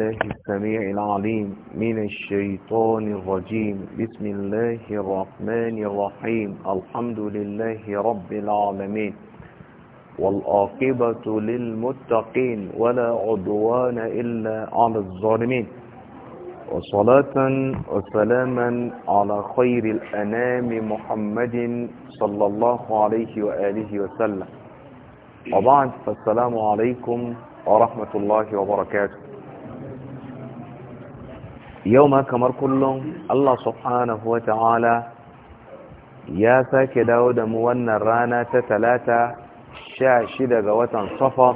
الله السميع العليم من الشيطان الرجيم بسم الله الرحمن الرحيم الحمد لله رب العالمين والآقبة للمتقين ولا عدوان إلا على الظالمين وصلاة وسلاما على خير الأنام محمد صلى الله عليه وآله وسلم وبعد فالسلام عليكم ورحمة الله وبركاته yau ma kamar kullum Allah subhanahu wa ta'ala ya sake dawo da mu wannan rana ta talata sha shida ga watan safa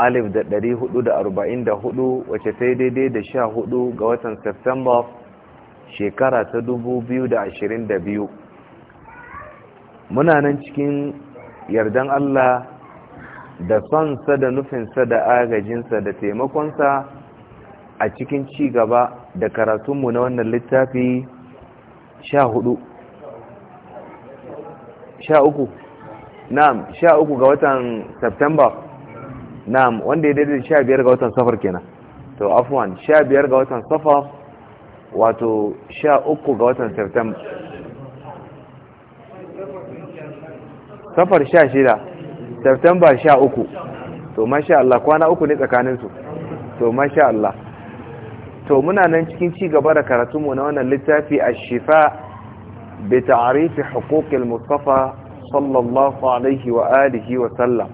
alif da ɗari hudu da arba'in da hudu wace ta daidai da sha hudu ga watan september shekara ta dubu biyu da ashirin da biyu muna nan cikin yardan Allah da sonsa da nufinsa da agajinsa da taimakonsa a cikin ci gaba da karatunmu na wannan littafi sha hudu sha uku na'am sha uku ga watan september na'am wanda ya daidai sha biyar ga watan safar kenan to afwan sha biyar ga watan safar wato sha uku ga watan september safar sha shida september sha uku to masha Allah kwana uku ne tsakaninsu to masha Allah to muna nan cikin ci gaba da karatu mu na wannan littafi ash-shifa bi ta'rif huquq al-mustafa sallallahu alaihi wa alihi wa sallam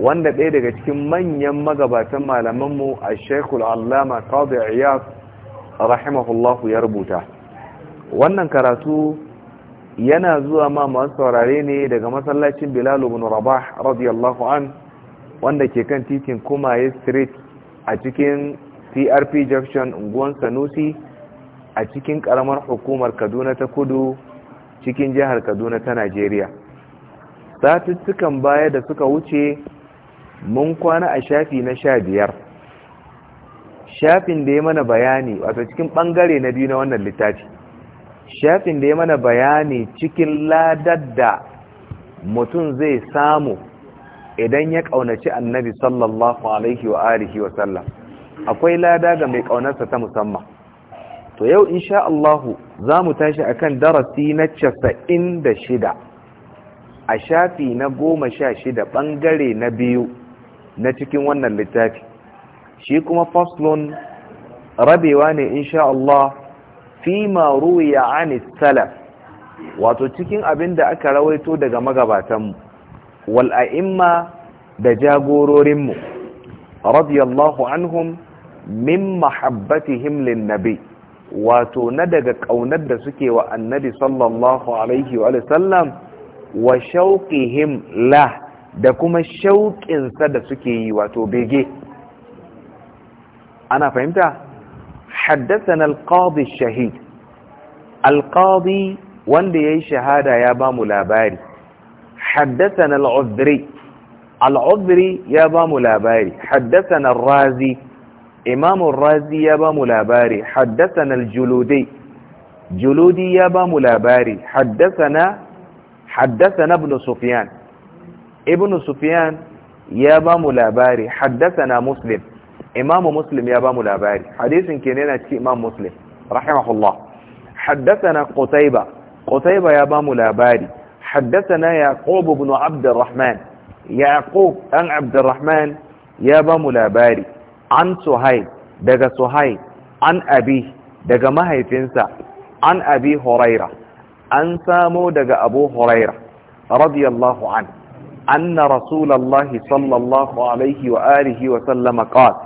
wanda ɗaya daga cikin manyan magabatan malaman mu ash-shaykh al-allama qadi iyas rahimahullah ya rubuta wannan karatu yana zuwa ma masu saurare ne daga masallacin bilal ibn rabah radiyallahu an wanda ke kan titin kumaye street a cikin crp junction unguwan sanusi a cikin karamar hukumar kaduna ta kudu cikin jihar kaduna ta najeriya satuttukan baya da suka wuce mun kwana a shafi na sha biyar shafin da ya mana bayani wata cikin bangare na biyu na wannan littafi shafin da ya mana bayani cikin ladar da mutum zai samu idan ya ƙaunaci annabi sallallahu alaihi wa alihi wa sallam akwai lada ga mai ƙaunarsa ta musamman to yau insha Allahu za mu tashi a kan darasi na casa'in da shida a shafi na goma sha shida ɓangare na biyu na cikin wannan littafi shi kuma faslon rabewa ne insha Allah fi anis salaf wato cikin abin da aka rawaito daga magabatanmu wal'a'imma da jagororinmu radiyallahu anhum min mahabbatihim linnabi wato na daga ƙaunar da suke wa annabi sallallahu alaihi wa sallam wa shauƙihim la da kuma shauƙinsa da suke yi wato bege ana fahimta haddasana alqadi shahid alqadi wanda yayi shahada ya ba mu labari haddasana al-udri ya ba mu labari haddasana razi imamun razi ya ba mu labari haddasana al-juludi ya ba mu labari haddasana haddasana ibn sufyan ibn sufyan ya ba mu labari haddasana muslim imamu muslim ya ba mu labari hadisin ke yana ci imam muslim rahimahullah haddasana qutayba qutayba ya ba mu labari yaqub ibn abd yaqub ya ba mu labari an suhai daga suhai an abi daga mahaifinsa an abi huraira an samo daga abu huraira radiyallahu an anna rasulallahi sallallahu alaihi wa alihi wa sallama qala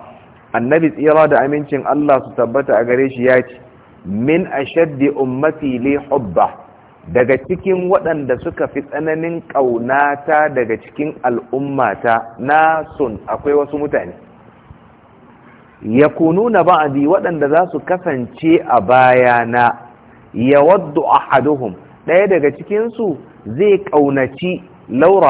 annabi tsira da amincin Allah su tabbata a gare shi ya ce min ashaddi ummati li hubba daga cikin waɗanda suka fi tsananin ƙaunata daga cikin al'ummata na sun akwai wasu mutane Ya kunu na ba'di waɗanda za su kasance a bayana a haduhun. ɗaya daga cikinsu zai ƙaunaci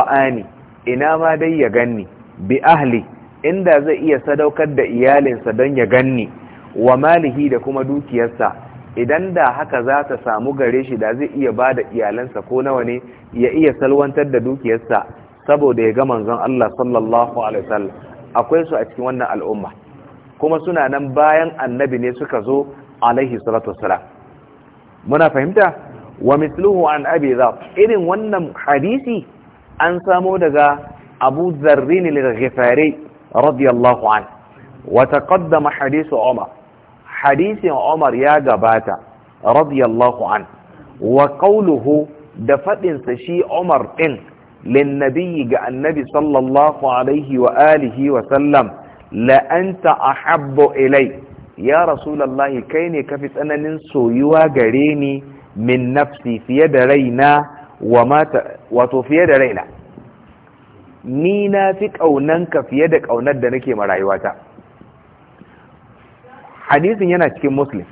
Ani, ina ma dai ya ganni bi ahli inda zai iya sadaukar da iyalinsa don ya ganni wa malihi da kuma dukiyarsa idan da haka za ta samu gare shi da zai iya ba da iyalansa ko nawa ne ya iya salwantar da dukiyarsa saboda ya ga manzon Allah sallallahu alaihi wasallam akwai su a cikin wannan al'umma kuma suna nan bayan annabi ne suka zo alaihi salatu wassalam muna fahimta wa mithluhu an abi dhar irin wannan hadisi an samo daga abu zarrin al-ghifari radiyallahu an wa taqaddama hadisu umar hadisin umar ya gabata radiyallahu an wa qawluhu da fadinsa shi umar din lin nabiyyi ga annabi sallallahu alaihi wa alihi wa sallam la'anta a habbo ilai ya rasulallahi kai ne kafi tsananin soyuwa gare ni min nafsi fiye da raina wa mata wato fiye da raina ni na fi ƙaunanka fiye da ƙaunar da nake marayuwata hadisin yana cikin muslim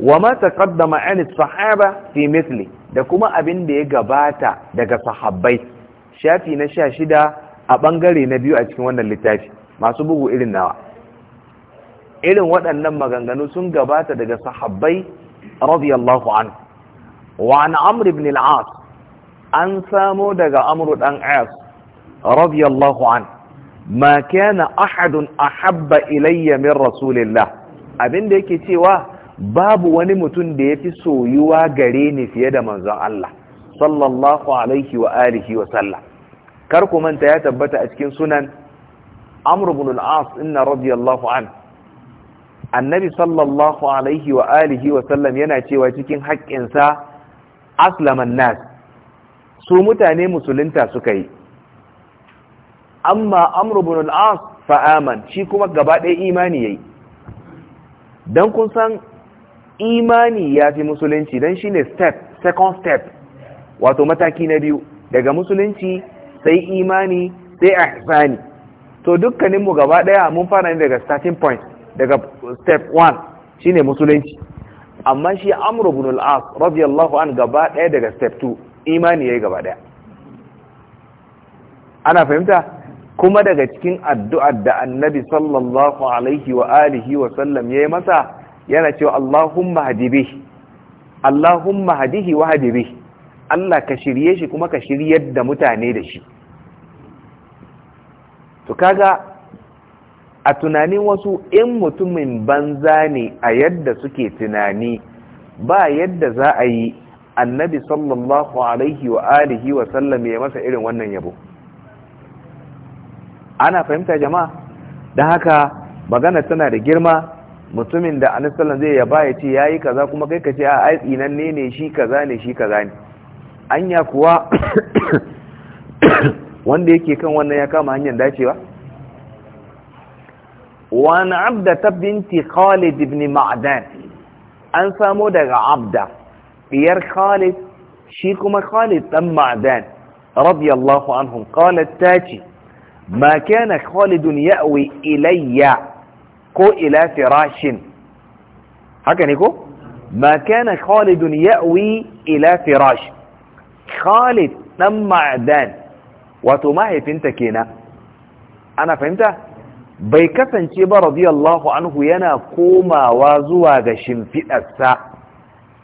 wa ma taqaddama an sahaba fi misli da kuma abin da ya gabata daga sahabbai shafi na sha shida a bangare na biyu a cikin wannan littafi masu bugu irin nawa irin waɗannan maganganu sun gabata daga sahabbai radiyallahu anhu wa an amr ibn al-as an samo daga amru dan as radiyallahu an ma kana ahadun ahabba ilayya min rasulillah abinda yake cewa babu wani mutum da yafi soyuwa gare ni fiye da manzon Allah sallallahu alaihi wa alihi wa sallam kar ku manta ya tabbata a cikin sunan amr al-as inna radiyallahu an annabi sallallahu alaihi wa alihi wa sallam yana cewa cikin haƙƙinsa aslaman nas su mutane musulunta suka yi amma amr ibn al-as shi kuma gaba ɗaya imani yayi dan kun san imani ya fi musulunci dan shine step second step wato mataki na biyu daga musulunci sai imani sai ihsani to dukkaninmu gaba daya mun fara ne daga starting point daga step 1 shine musulunci amma shi amru ibn al-as radiyallahu an gaba daya daga step 2 imani yayi gaba daya ana fahimta kuma daga cikin addu'ar da annabi sallallahu alaihi wa alihi wa sallam yayi masa yana cewa Allahumma hadibi Allahumma hadihi wa hadibi Allah ka shirye shi kuma ka shiryar da mutane da shi to kaga a tunanin wasu in mutumin banza ne a yadda suke tunani ba yadda za a yi annabi sallallahu alaihi wa alihi wa sallam ya masa irin wannan yabo ana fahimta jama'a da haka magana tana da girma mutumin da annabi sallallahu zai yaba ya ce yayi kaza kuma kai ka ce a ai tsinan ne ne shi kaza ne shi kaza ne anya kuwa wanda yake kan wannan ya kama hanyar dacewa wa an abda ta binti khalid ibn ma'dan an samo daga abda biyar khalid shi kuma khalid dan ma'dan radiyallahu anhum khalid taji ma kana khalid ya'wi ilayya ko ila firashin haka ne ko ma kana khalid ya'wi ila firash khalid dan ma'dan wato mahaifinta kenan ana fahimta bai kasance ba radiyallahu anhu yana komawa zuwa ga shimfiɗarsa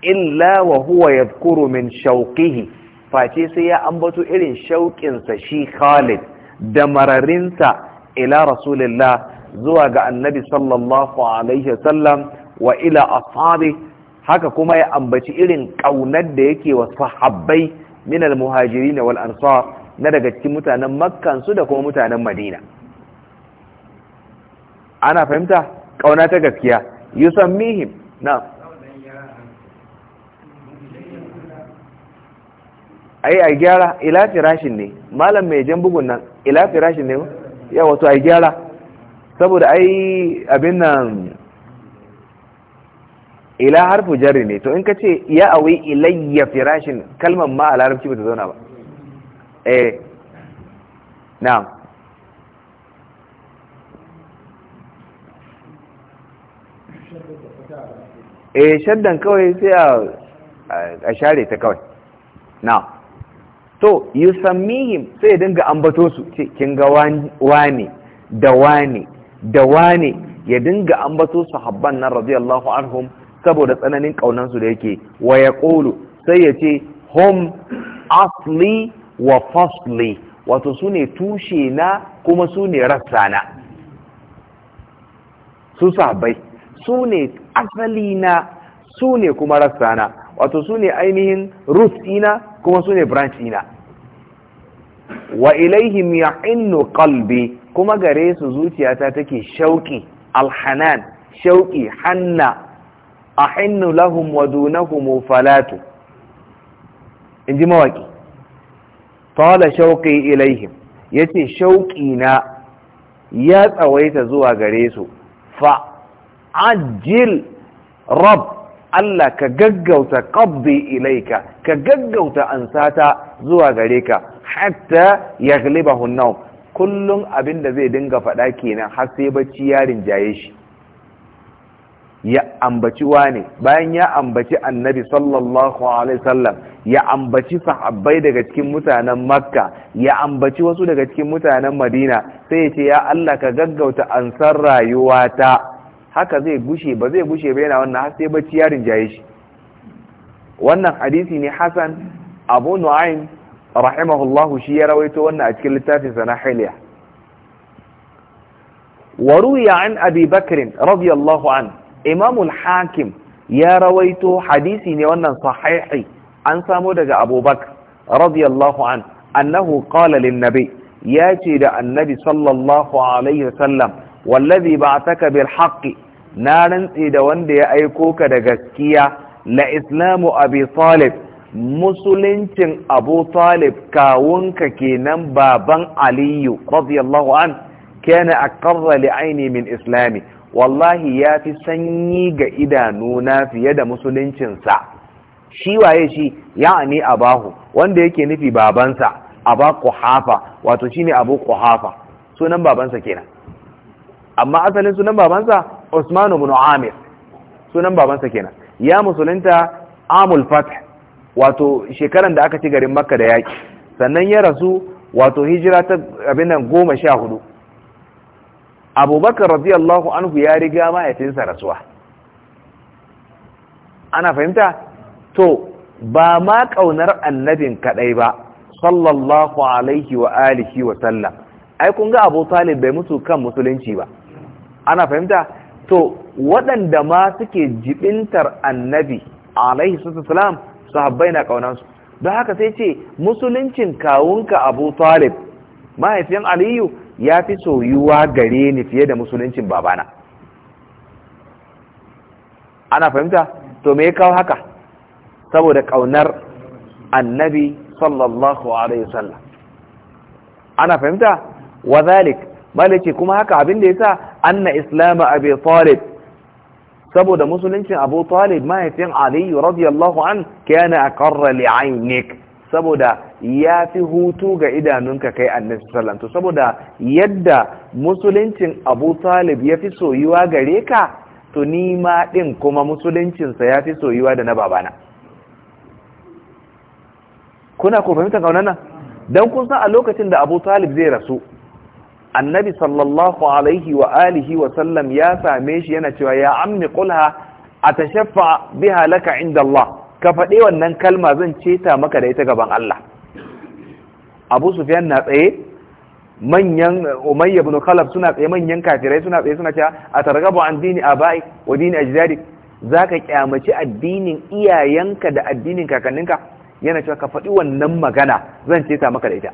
illa wa huwa yadhkuru min shauqihi face sai ya ambato irin shauƙinsa shi Khalid da mararinsa ila rasulillah zuwa ga annabi sallallahu alaihi sallam, wa ila ashabi haka kuma ya ambaci irin ƙaunar da yake wa sahabbai min al-muhajirin wal ansar na daga cikin mutanen makkansu da kuma mutanen madina ana fahimta ƙauna ta gaskiya mihim, na A yi a gyara ilafi firashin ne malam mai jan bugun nan ilafi firashin ne ya wato a gyara saboda a yi abin nan ila harfu jarri ne to in ka ce ya awai ilayya firashin kalmar ma a larabci ta zauna ba eh na'am eh shaddan kawai sai a share ta kawai na'am to yusammihim sai dinga ambato su ce kin ga wani da wani da wani ya dinga ambato su habban nan radiyallahu anhum saboda tsananin kaunan su da yake wa yaqulu sai ya ce hum asli wa fasli wato su ne tushe na kuma su ne rassa na su sabai su ne asali na su ne kuma rassa na wato su ne ainihin root ina kuma su ne branch ina wa ilaihim ya'innu kalbi kuma gare su zuciyata take shauki alhanan shauki hanna a ahinnu lahum wa dunahum falatu inji mawaki tala shauƙi ilaihim ya ce shauƙi na ya tsawaita zuwa gare su fa'ajil rab Allah ka gaggauta ƙabbi ilaika ka gaggauta ansata zuwa gare ka hatta ya gliba hunnau kullum abin da zai dinga faɗa kenan har sai bacci ya rinjaye shi ya ambaci wane bayan ya ambaci annabi sallallahu alaihi sallam ya ambaci sahabbai daga cikin mutanen makka ya ambaci wasu daga cikin mutanen madina sai ya ce ya Allah ka gaggauta ansar rayuwata haka zai gushe ba zai gushe ba yana wannan har sai bacci yarin rinjaye shi wannan hadisi ne hasan abu nu'aym rahimahullahu shi ya rawaito wannan a cikin littafin sa na hilya wa ruwiya an abi bakr radiyallahu an imam al-hakim ya rawaito hadisi ne wannan sahihi an samo daga abubakar radiyallahu an annahu qala lin nabi ya ce da annabi sallallahu alaihi wasallam wallazi ba'ataka bil haqqi na rantse da wanda ya aiko ka da gaskiya la islamu abi talib musuluncin abu talib kawunka kenan baban aliyu radiyallahu an kana aqarra li aini min islami wallahi ya fi sanyi ga idanuna fiye da musuluncinsa shi waye shi ya ya'ani abahu wanda yake nufi babansa aba kuhafa wato shine abu Kuhafa sunan babansa kenan amma asalin sunan babansa Usman ibn Amir sunan babansa kenan ya musulunta amul fath wato shekaran da aka ci garin Makka da yaki sannan ya rasu wato hijira ta abin nan hudu, Abubakar radiyallahu anhu ya riga mahaifinsa rasuwa ana fahimta to ba ma ƙaunar annabin kaɗai ba sallallahu alaihi wa alihi wa sallam ai kun ga abu talib bai mutu kan musulunci ba ana fahimta to waɗanda ma suke jibintar annabi alaihi sallam sahabbai na ƙaunansu don haka sai ce musuluncin kawunka abu talib mahaifin aliyu ya fi soyuwa gare ni fiye da musuluncin babana ana fahimta to me ya kawo haka saboda ƙaunar annabi sallallahu alaihi wasallam ana fahimta wa zalik malaki kuma haka abin da yasa anna islamu abi talib saboda musuluncin abu talib mahaifin aliyu radiyallahu an kana aqarra aynik saboda ya fi hutu ga idanunka kai annabi sallallahu saboda yadda musuluncin abu talib ya fi soyuwa gare ka to ni ma din kuma musuluncinsa ya fi soyuwa da na babana kuna ku fahimta kaunana? dan kun san a lokacin da Abu Talib zai rasu annabi sallallahu alaihi wa alihi wa sallam ya same shi yana cewa ya ammi qulha atashaffa biha laka inda Allah ka fade wannan kalma zan ce ta maka da ita gaban Allah Abu Sufyan na tsaye manyan Umayya ibn Khalaf suna tsaye manyan kafirai suna tsaye suna cewa atargabu an dini abai wa dini ajdadi zaka kyamaci addinin iyayenka da addinin kakanninka yana cewa ka faɗi wannan magana zan ce ta maka da ita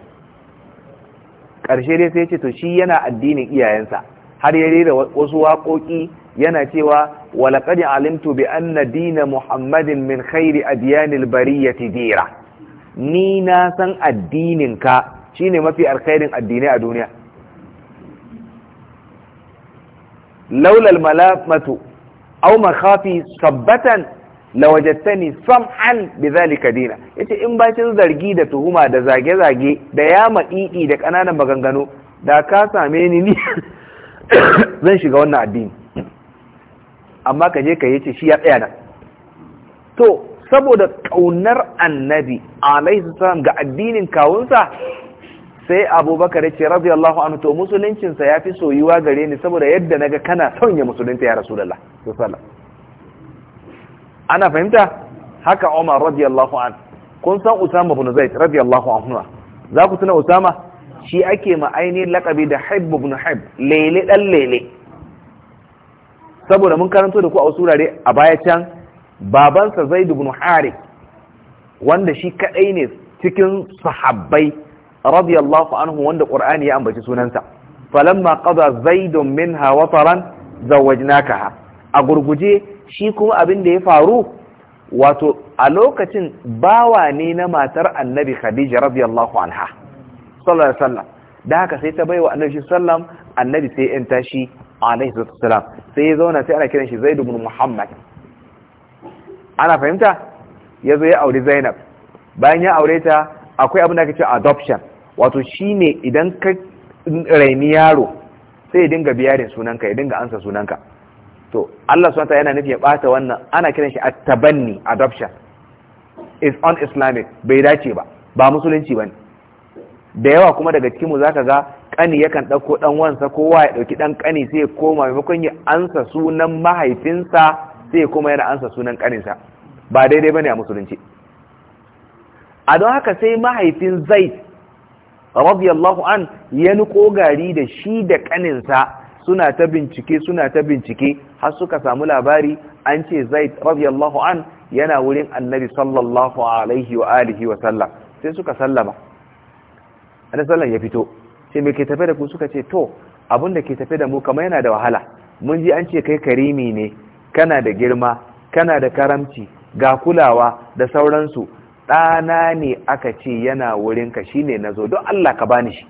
ƙarshe dai sai ce to shi yana addinin iyayensa har ya rera wasu waƙoƙi yana cewa walaƙad alimtu bi anna dina muhammadin min khairi adyanil bariyati dira ni na san addinin ka shine mafi alkhairin addinai a duniya laulal almalamatu aw makhafi sabbatan wajattani sam'an bi zalika dina yace in bacin zargi da tuhuma da zage-zage da yama da kananan maganganu da ka same ni ni zan shiga wannan addini amma ka je ka yace shi ya tsaya nan to saboda kaunar annabi alaihi salam ga addinin kawunsa sai abubakar yace radiyallahu anhu to musuluncinsa yafi soyuwa gare ni saboda yadda naga kana son musulunta ya rasulullah sallallahu alaihi wasallam ana fahimta haka Umar radiyallahu an kun san Usama ibn Zaid radiyallahu anhu za ku tuna Usama shi ake ma ainihin lakabi da Hibb ibn Hibb lele dan lele saboda mun karanto da ku a surare a baya can babansa Zaid ibn Harith wanda shi kadai ne cikin sahabbai radiyallahu anhu wanda Qur'ani ya ambaci sunansa falamma qada zaidun minha wataran zawajnakaha a gurguje shi kuma abin da ya faru wato a lokacin bawa ne na matar annabi khadija radiyallahu anha sallallahu alaihi wasallam da haka sai ta baiwa annabi sallam annabi sai yan tashi alaihi wasallam sai ya zauna sai ana kiran shi zaid ibn muhammad ana fahimta yazo ya aure zainab bayan ya aure ta akwai abin da ake cewa adoption wato shine idan ka raini yaro sai ya dinga biyarin sunanka ya dinga ansa sunanka to Allah SWT yana nufi ya ɓata wannan ana kiran shi a tabanni adoption is on islamic bai dace ba ba musulunci bane da yawa kuma daga cikin mu zaka ga kani yakan ɗauko ɗan wansa kowa ya ɗauki ɗan kani sai ya koma maimakon ya ansa sunan mahaifinsa sai ya koma yana ansa sunan kaninsa ba daidai bane a musulunci a don haka sai mahaifin zaid radiyallahu an ya nuko gari da shi da ƙaninsa. suna ta bincike suna ta bincike har suka samu labari an ce zaid radiyallahu an yana wurin annabi sallallahu alaihi wa alihi wa sallam sai suka sallama annabi sallam ya fito sai me ke tafe da ku suka ce to abin da ke tafe da mu kamar yana da wahala mun ji an ce kai karimi ne kana da girma kana da karamci ga kulawa da sauransu ɗana ne aka ce yana wurinka shi ne na zo don Allah ka bani shi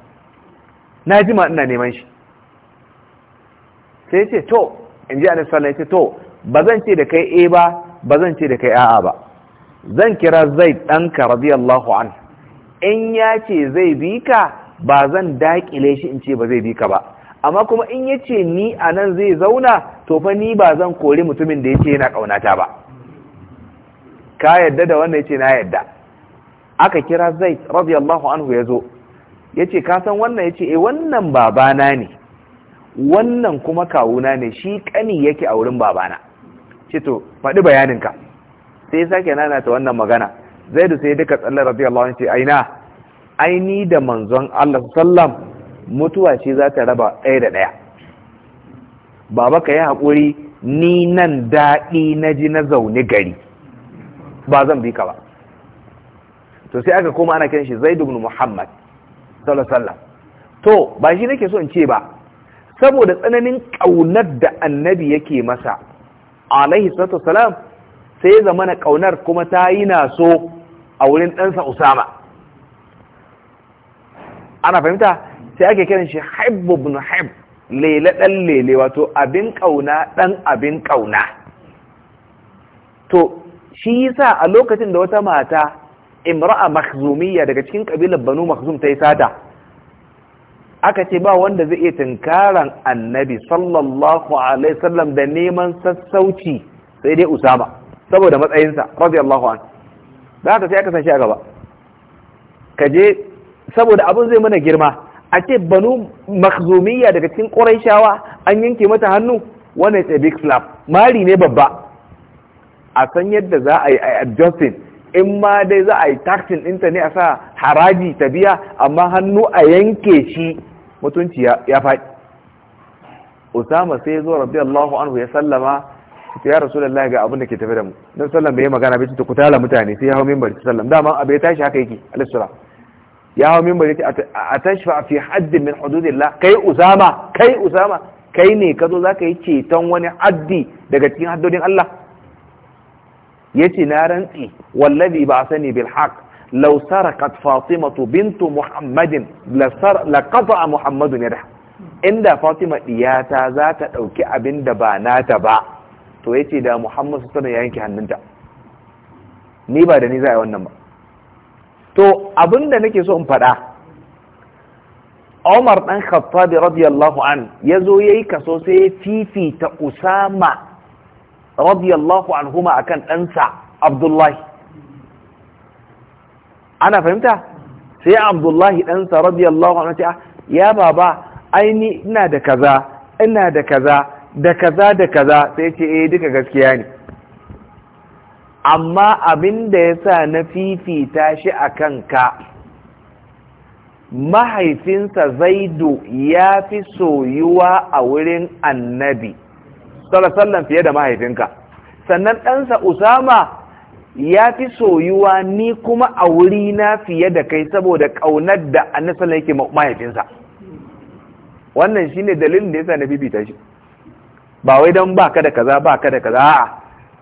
na jima ina neman shi sai ce to in ji alaihi sallallahu ce to ba zan ce da kai e ba ba zan ce da kai a'a ba zan kira zaid ɗanka radiyallahu an in ya ce zai bi ka ba zan daƙile shi in ce ba zai bi ka ba amma kuma in ya ce ni a nan zai zauna to fa ni ba zan kori mutumin da ya ce yana ƙaunata ba ka yadda da wanda ya ce na yadda aka kira zaid radiyallahu anhu ya zo ya ce ka san wannan ya ce e wannan babana ne wannan kuma kawuna ne shi kani yake a wurin babana ce to faɗi bayaninka sai ya sake nana ta wannan magana zai da sai duka tsallar radiyallahu anhu ce aina aini da manzon Allah sallam mutuwa ce za ta raba ɗaya da ɗaya baba ka yi haƙuri ni nan daɗi na ji na zaune gari ba zan bi ka ba to sai aka koma ana kiran shi zaid ibn muhammad sallallahu alaihi wasallam to ba shi nake so in ce ba saboda tsananin ƙaunar da annabi yake masa alaihi salatu salam sai ya zama na ƙaunar kuma ta yi na so a wurin ɗansa usama ana fahimta sai ake kiran shi haibu bin haib lele ɗan lele wato abin ƙauna ɗan abin ƙauna to shi yasa a lokacin da wata mata imra'a makhzumiyya daga cikin ƙabilar banu makhzum ta yi sata aka ce ba wanda zai iya tunkaran annabi sallallahu alaihi sallam da neman sassauci sai dai usama saboda matsayinsa radiyallahu anhu da haka sai aka san shi a gaba ka je saboda abin zai mana girma a ce banu makzumiya daga cikin shawa an yanke mata hannu wannan ya big slap mari ne babba a san yadda za a yi a adjusting in ma dai za a yi taxin ɗinta ne a sa haraji ta biya amma hannu a yanke shi mutunci ya faɗi usama sai zo radiyallahu anhu ya sallama ta rasu rasulullahi ga abin da ke tafi da mu don sallam bai magana bai ta kutala mutane sai ya hawo minbar sallam dama ya tashi haka yake alaihi salam ya hawo minbar yace atashfa fi hadd min hududillah kai usama kai usama kai ne ka zo zaka yi ceton wani haddi daga cikin haddodin Allah yace na rantsi wallazi ba sani bil haqq لو سرقت فاطمة بنت محمد لقطع محمد يده inda Fatima diyata za ta ɗauki abin da ba nata ba to ya ce da Muhammad su sanar ya yanke hannunta ni ba da ni za a yi wannan ba to abin da nake so in faɗa Umar ɗan Khattabi radiyallahu an ya zo ya yi kaso sai ya fifita Usama radiyallahu anhuma akan ɗansa Abdullahi ana fahimta sai abdullahi ɗansa radiyallahu anhu ce ah, ya baba aini ina da kaza ina da kaza da kaza da kaza sai ce eh duka gaskiya ne amma abin da ya na fifita shi a ka mahaifinsa zaidu ya fi soyuwa a wurin annabi sallallahu fiye da mahaifinka sannan ɗansa usama ya fi soyuwa ni kuma a wuri na fiye da kai saboda ƙaunar da annasan yake mahaifinsa wannan shine dalilin da yasa na bibita shi ba wai don baka da kaza baka da kaza a'a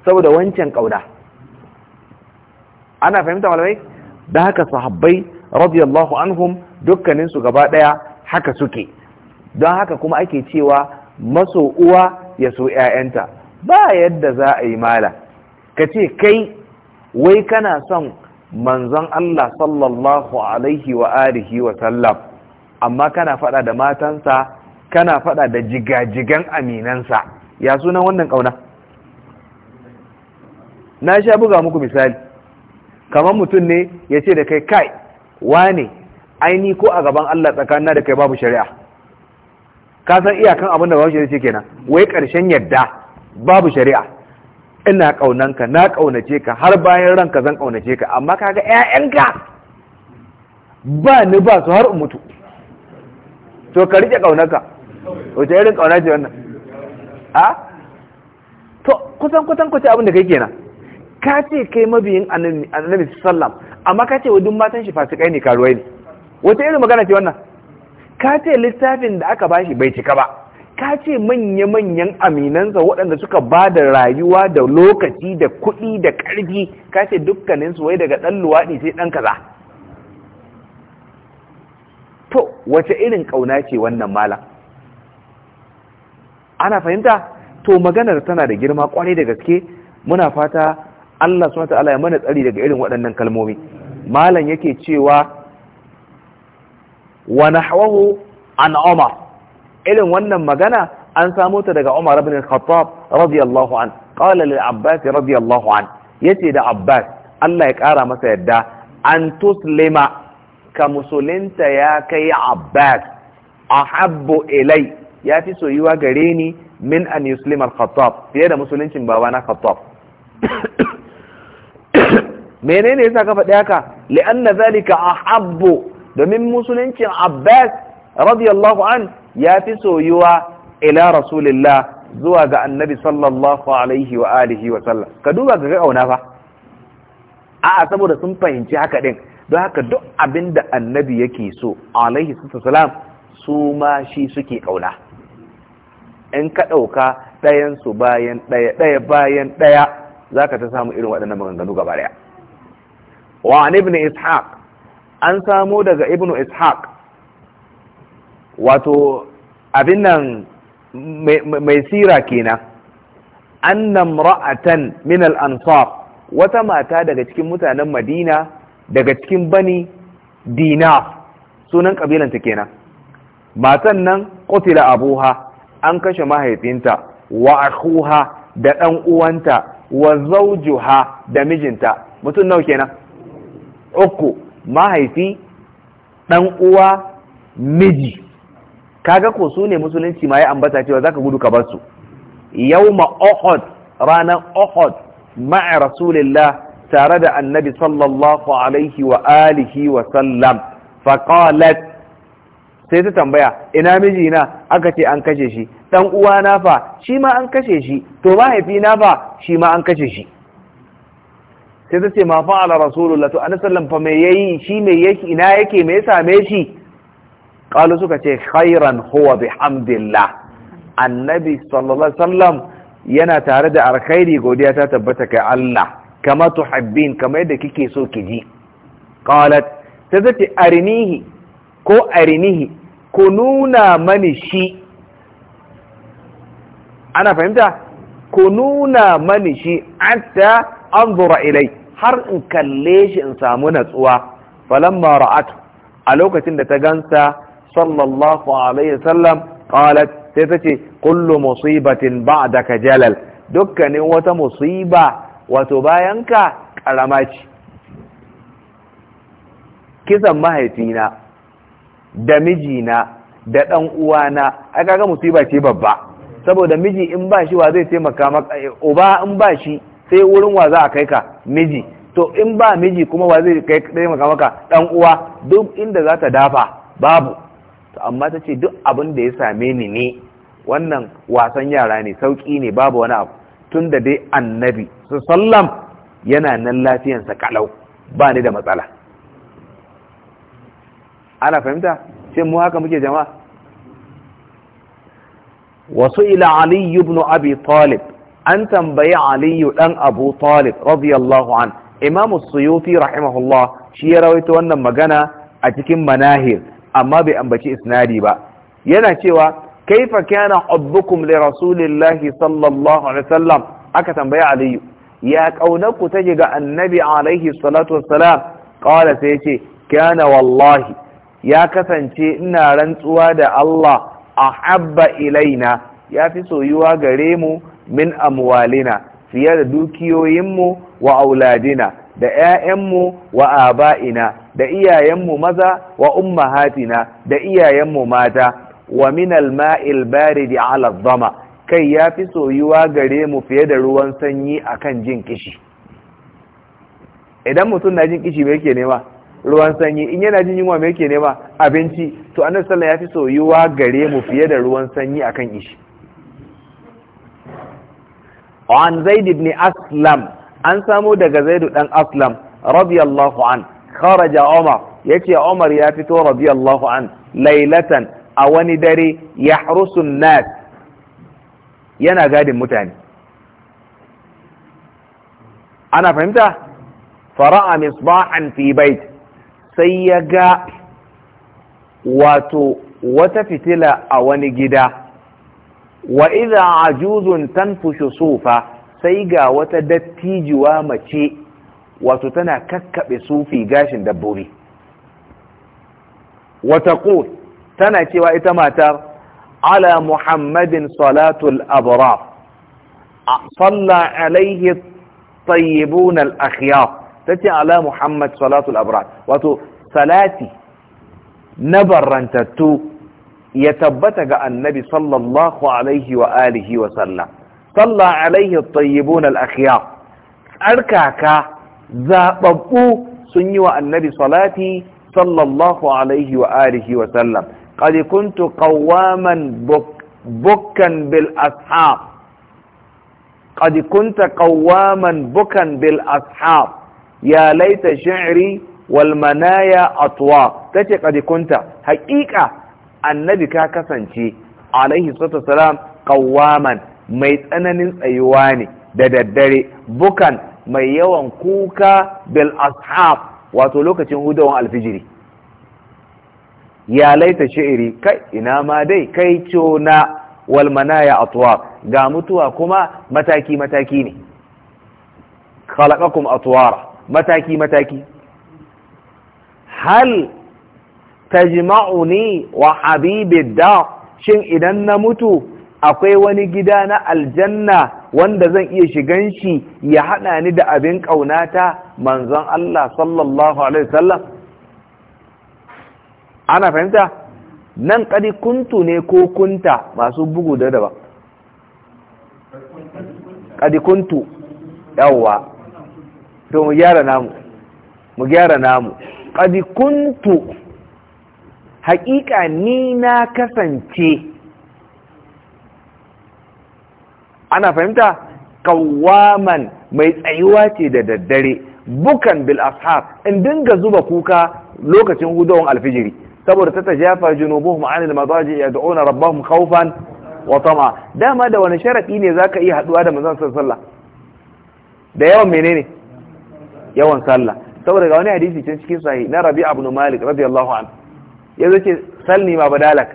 saboda wancan ƙauna ana fahimta malamai da haka sahabbai radiyallahu anhum dukkanin su gaba ɗaya, haka suke don haka kuma ake cewa maso uwa ya so 'ya'yanta ba yadda za a yi mala ka ce kai wai kana son manzon Allah sallallahu alaihi wa alihi wa sallam amma kana fada da matansa kana fada da jigajigan aminansa ya sunan wannan kauna na sha buga muku misali kamar mutum ne ya ce da kai kai wane aini ko a gaban Allah tsakanina da kai babu shari'a ka san iyakan abin da babu shari'a ce kenan wai ƙarshen yadda babu shari'a ina ƙaunanka na ƙaunace ka har bayan ranka zan ƙaunace ka amma kaga ƴaƴanka ba ni ba su har umutu, mutu to ka rike ƙaunarka wace irin ƙauna ce wannan a to kusan kusan kuce abin da kai kenan ka ce kai mabiyin annabi sallam amma ka ce wa duk matan shi fasikai ne karuwai ne wace irin magana ce wannan ka ce littafin da aka bashi bai cika ba ka ce manya-manyan aminansa waɗanda suka ba da rayuwa da lokaci da kuɗi da ƙarfi ka ce dukkaninsu wai daga ɗan luwaɗi sai ɗan kaza to wace irin ƙauna ce wannan malam ana fahimta to maganar tana da girma kwarai da gaske muna fata Allah su ya mana tsari daga irin waɗannan kalmomi malam yake cewa wa nahwahu an Umar irin wannan magana an samo ta daga Umar ibn al-Khattab radiyallahu an qala lil Abbas radiyallahu an yace da Abbas Allah ya kara masa yadda an tuslima ka musulunta ya kai Abbas ahabbu ilai ya fi soyuwa gare ni min an yuslima al-Khattab fiye da musuluncin babana Khattab menene yasa ka faɗi haka li'anna zalika ahabbu domin musuluncin Abbas radiyallahu an ya fi soyuwa ila rasulillah zuwa ga annabi sallallahu alaihi wa alihi wa sallam ka duba ga kauna fa a'a saboda sun fahimci haka din don haka duk abinda da annabi yake so alaihi sallam su ma shi suke kauna in ka ɗauka ɗayan su bayan ɗaya ɗaya bayan ɗaya za ka ta samu irin waɗannan maganganu gaba ɗaya wa an ibn ishaq an samo daga ibn ishaq wato abin nan mai sira kenan nan ra'atan min al wata mata daga cikin mutanen madina daga cikin bani dina sunan kabilanta kenan matan nan qutila abuha an kashe mahaifinta wa akhuha da dan uwanta wa zawjuha da mijinta mutum nawa kenan uku mahaifi dan uwa miji kaga ko su ne musulunci ma ya ambata cewa zaka gudu ka bar su ma uhud ranar uhud ma'a rasulillah tare da annabi sallallahu alaihi wa alihi wa sallam faqalat sai ta tambaya ina mijina aka ce an kashe shi dan na fa shi ma an kashe shi to mahaifina fa shi ma an kashe shi sai ta ce ma fa'ala rasulullah to annabi sallam fa me yayi shi me yake ina yake me ya same shi qalu suka ce khairan huwa bihamdillah annabi sallallahu alaihi wasallam yana tare da alkhairi godiya ta tabbata kai Allah kama tuhibbin kama yadda kike so ki ji qalat tazati arinihi ko arinihi ku nuna mani shi ana fahimta kununa nuna mani shi hatta anzura ilai har in kalle shi in samu natsuwa falamma ra'atu a lokacin da ta gansa sallallahu alaihi sallam. qalat sai ta ce kullu musibatin ba'daka jalal dukkanin wata musiba wato bayanka karama ce kisan mahaifina da mijina da ɗan uwana ai kaga musiba ce babba saboda miji in ba shi wa zai taimaka maka uba in ba shi sai wurin wa za a kai ka miji to in ba miji kuma wa zai kai taimaka maka ɗan uwa duk inda za ta dafa babu to amma ta ce duk abin da ya same ni ne wannan wasan yara ne sauƙi ne babu wani abu tun da dai annabi su sallam yana nan lafiyansa kalau ba ni da matsala ana fahimta ce mu haka muke jama'a wasu ila aliyu ibn abi talib an tambayi aliyu dan abu talib radiyallahu an imamu suyuti rahimahullah shi ya rawaito wannan magana a cikin manahir amma bai ambaci isnadi ba yana cewa kaifa kana hubbukum li rasulillahi sallallahu alaihi wasallam aka tambaya aliyu ya kaunarku ta ga annabi alaihi salatu wassalam qala sai yace kana wallahi ya kasance ina rantsuwa da Allah ahabba ilaina ya fi soyuwa gare mu min amwalina fiye da dukiyoyinmu wa auladina da 'ya'yanmu wa aba'ina da iyayenmu maza wa ummahatina da iyayenmu mata wa min ma'il baridi ala dhama kai ya fi soyuwa gare mu fiye da ruwan sanyi akan jin kishi idan mutum na jin kishi me yake nema ruwan sanyi in yana jin yunwa me yake nema abinci to annabi sallallahu ya fi soyuwa gare mu fiye da ruwan sanyi akan kishi an zaid ibn aslam an samu daga zaidu dan aslam radiyallahu an kharaja Umar yace Umar ya fito radiyallahu an lailatan a wani dare yahrusun nas yana gadin mutane ana fahimta fara'a misbahan fi bait sai ya ga wato wata fitila a wani gida wa idha ajuzun tanfushu sufa sai ga wata dattijuwa mace wato tana kakkaɓe sufi gashin dabbobi wata tana cewa ita matar ala muhammadin salatul abrar salla alaihi tayyibun al-akhyar tace ala muhammad salatul abrar wato salati na barrantattu ya tabbata ga annabi sallallahu alaihi wa alihi wa sallam salla alaihi tayyibun al-akhyar tsarkaka zaɓaɓɓu sun yi wa annabi salati sallallahu alaihi wa alihi wa sallam qad kuntu qawaman bukkan bil ashab qad kunta qawaman bukkan bil ashab ya laita shi'ri wal manaya atwa tace qad kunta haqiqa annabi ka kasance alaihi salatu wassalam qawaman mai tsananin tsayuwa ne da daddare bukan mai yawan kuka bil ashab wato lokacin hudawan alfijiri ya laita shi'iri kai ina ma dai kai cona wal manaya atwa ga mutuwa kuma mataki mataki ne khalaqakum atwara mataki mataki hal tajma'uni wa habibi da shin idan na mutu akwai wani gida na aljanna wanda zan iya shigan shi ya hada ni da abin kaunata manzon Allah sallallahu alaihi wasallam ana fahimta nan kadi kuntu ne ko kunta masu bugu da daba kadi kuntu yawwa to mu gyara namu mu gyara namu kadi kuntu haƙiƙa ni na kasance ana fahimta kawaman mai tsayuwa ce da daddare bukan bil ashab in dinga zuba kuka lokacin hudawan alfijiri saboda ta tajafa junubuhum anil madaji yad'una rabbahum khawfan wa tama dama da wani sharadi ne zaka iya haduwa da manzon sallah da yawan menene yawan sallah saboda ga wani hadisi can cikin sahih na Rabi' ibn Malik radiyallahu anhu yazo ce salni ma badalak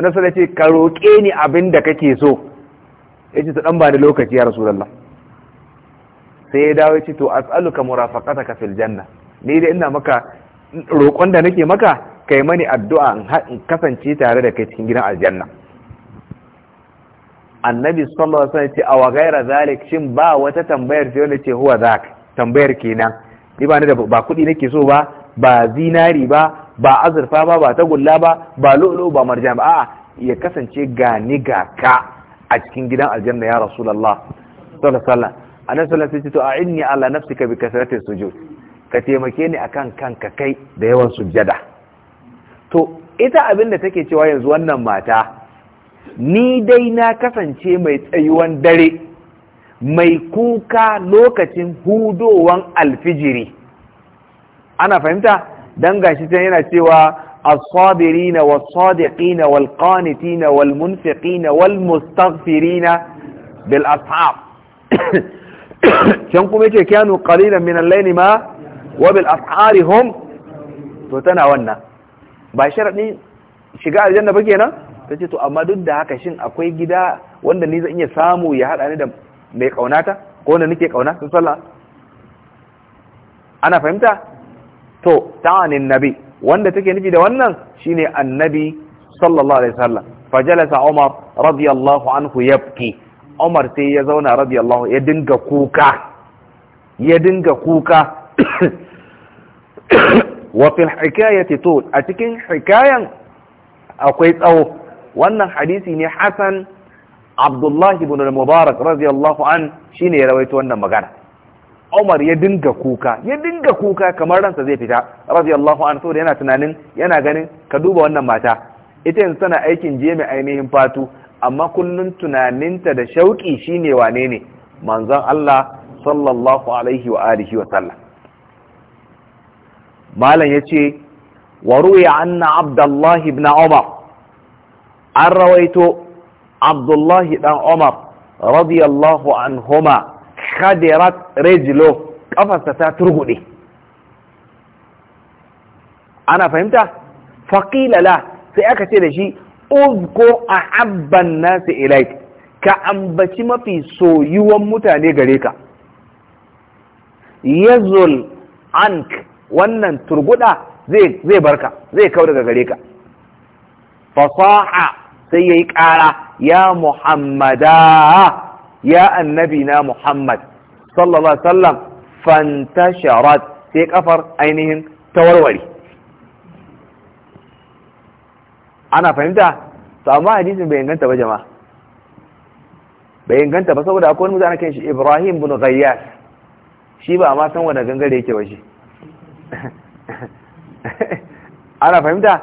annabi sai ce ka roke ni abin da kake so ya ce ta ɗan ba lokaci ya rasulallah sai ya dawo ya ce to as'aluka murafaqataka fil janna ni da ina maka roƙon da nake maka kai mani addu'a in kasance tare da kai cikin gidan aljanna annabi sallallahu alaihi wasallam ya ce ghaira zalik shin ba wata tambayar sai wanda ce huwa zak tambayar kenan ni ba ni da ba kuɗi nake so ba ba zinari ba ba azurfa ba ba tagulla ba ba lo'lo ba marjan ba a'a ya kasance ga ni ga ka a cikin gidan aljanna ya rasulallah. sallallahu alaihi wasallam annabi sallallahu alaihi wasallam a inni bi kasratis sujud ka taimake ni akan kanka kai da yawan sujjada to ita abin da take cewa yanzu wannan mata ni dai na kasance mai tsayuwan dare mai kuka lokacin hudowan alfijiri ana fahimta don gashi can yana cewa الصابرين والصادقين والقانتين والمنفقين والمستغفرين بالأصحاب شنكم يجي كانوا قليلا من الليل ما وبالأسحار هم تتناولنا باشرة shiga aljanna ba kenan tace to amma duk da haka shin akwai gida wanda ni zan iya samu ya hada ni da mai kaunata ko wanda nake kauna sun ana fahimta to nabi wanda take nufi da wannan shine annabi sallallahu alaihi wasallam fajalasa umar radiyallahu anhu yabki umar sai ya zauna radiyallahu ya dinga kuka ya dinga kuka wa fil hikayati tul a cikin hikayan akwai tsawo wannan hadisi ne hasan abdullahi ibn al-mubarak radiyallahu an shine ya rawaito wannan magana Umar ya dinga kuka ya dinga kuka kamar ransa zai fita radiyallahu anhu da yana tunanin yana ganin ka duba wannan mata ita yanzu tana aikin je mai ainihin fatu amma kullun tunaninta da shauki shine wane ne manzon Allah sallallahu alaihi wa alihi wa sallam malam yace wa anna abdullahi ibn umar an rawaito abdullahi dan umar radiyallahu anhuma khadirat rejilo kafarsa ta turgude ana fahimta faqila la sai aka ce da shi uzko a ahabban nasa ilaik ka ambaci mafi soyuwan mutane gare ka yazul ank wannan turguda zai barka zai kau daga gare ka fasaha sai ya yi ƙara ya muhammada ya annabi na Muhammad sallallahu alaihi wasallam fantasharat sai kafar ainihin tawarware ana fahimta to amma hadisin bai inganta ba jama'a bai inganta ba saboda akwai wani mutane kan shi Ibrahim bin Ghayyas shi ba ma san wanda gangare yake ba shi ana fahimta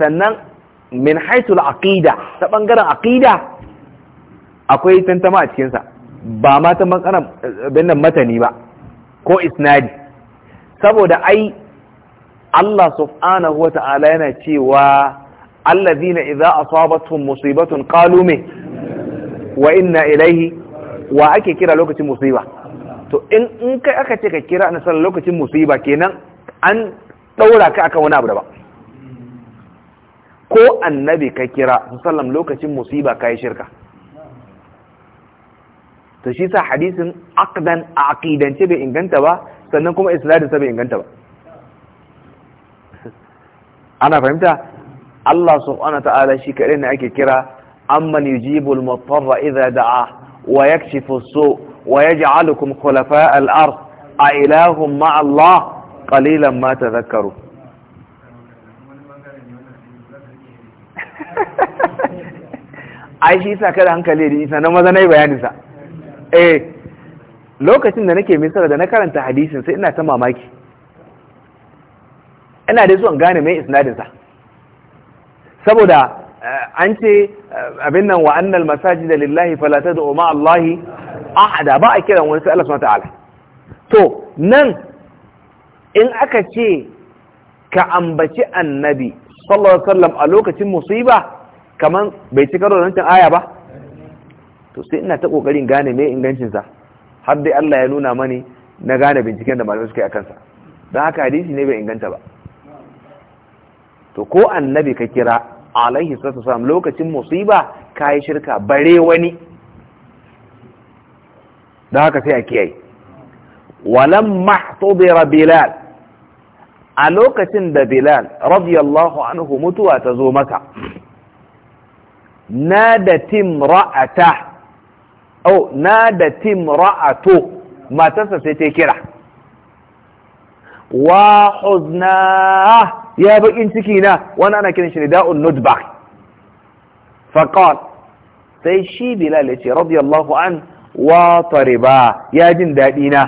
sannan min haitul aqida ta bangaren aqida akwai tantama a cikinsa ba ma ta matsana matani ba ko isnadi saboda ai Allah subhanahu wa ta'ala yana cewa allazina idza asabatuhum musibatun qalu me wa inna ilaihi wa ake kira lokacin musiba to in in kai aka ce ka kira na sallar lokacin musiba kenan an daura ka akan wani abu da ba ko annabi ka kira sallam lokacin musiba kai shirka to shi sa hadisin aqdan a aqidance bai inganta ba sannan kuma isnadin sa bai inganta ba ana fahimta Allah subhanahu ta'ala shi kadai ne ake kira amman yujibul mutarra idza da'a wa yakshifu as-su wa yaj'alukum khulafa' al-ard a ilahum Allah qalilan ma tadhakkaru ai shi sa kada hankali da isa na maza na yi bayaninsa eh lokacin da nake misira da na karanta hadisin sai ina ta mamaki ina dai zuwan gane mai isnadinsa saboda eh, an ce eh, abin nan wa annal masajida lillahi fala tad'u ma Allahi ahada ba a kiran wani sai Allah ta'ala to nan in aka ce ka ambaci annabi sallallahu alaihi wasallam a lokacin musiba kaman bai ci karo da nan aya ba to sai ina ta kokarin gane me ingancin sa har dai Allah ya nuna mani na gane binciken da malamai suka yi akan sa dan haka hadisi ne bai inganta ba to ko annabi ka kira alaihi salatu wasallam lokacin musiba kai shirka bare wani dan haka sai a kiyaye walam mahtubir bilal a lokacin da bilal radiyallahu anhu mutuwa ta zo maka Na nadatim ra'ata أو نادت امراه ما تنسى كره وحضناه يا بقين سكينة وانا انا كنش نداء الندبع فقال سيشي بلال رضي الله عنه وطربا يا جن دادينا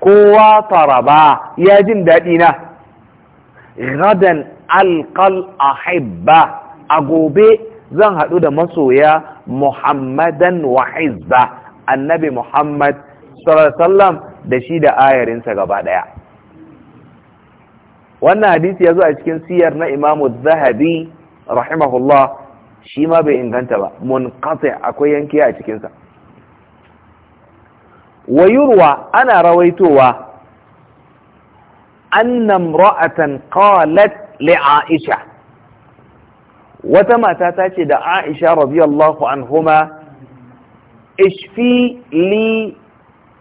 قوة طربا يا جن دادينا غدا القل أحبا أقوبي zan haɗu da masoya muhammadan wa hizba annabi muhammad sallallahu da shi da ayarinsa gaba ɗaya wannan hadisi ya zo a cikin siyar na imamu zahabi rahimahullah shi ma bai inganta ba Mun munqati akwai yanki a cikinsa wayurwa ana rawaitowa annam ra'atan qalat li aisha wata mata ta ce da Aisha radiyallahu anhuma ishfi li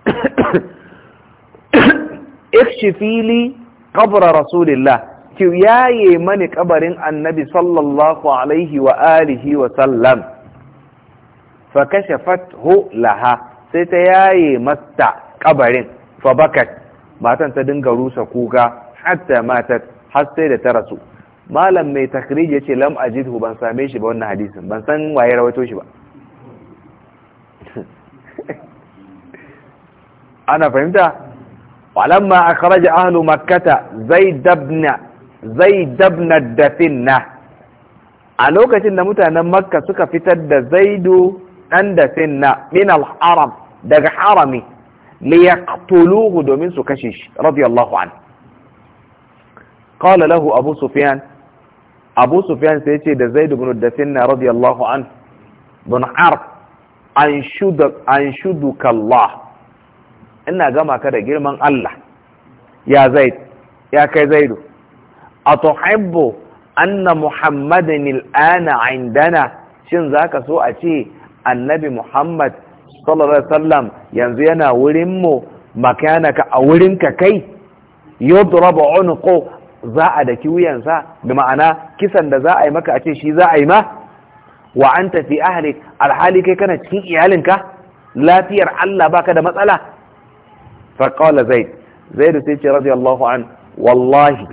ikshifi li qabra rasulillah ki yaye mani kabarin annabi sallallahu alaihi wa alihi wa sallam fa kashafathu laha sai ta yaye masta kabarin fa bakat matan ta dinga rusa kuka hatta matat har sai da ta rasu malam mai takrij yace lam ajidhu ban same shi ba wannan hadisin ban san waye rawaito shi ba ana fahimta walamma akhraja ahlu makkata zaid ibn zaid ibn dafinna a lokacin da mutanen makka suka fitar da zaidu dan dafinna min al-haram daga harami liyaqtuluhu domin su kashe shi radiyallahu anhu qala lahu abu sufyan abu sufyan sai ce da zaid ibn dafinna radiyallahu an bin arf an shudu an ina gama ka da girman Allah ya zaid ya kai zaidu atuhibbu anna muhammadan al'ana indana shin zaka so a ce annabi muhammad sallallahu alaihi wasallam yanzu yana wurin mu makanaka a ka kai yudrabu unqu za a daki wuyansa da ma'ana kisan da za a yi maka a ce shi za a yi ma wa an tafi ahali alhali kai kana cikin iyalinka lafiyar Allah baka da matsala fa qala zaid zaid sai ce radiyallahu an wallahi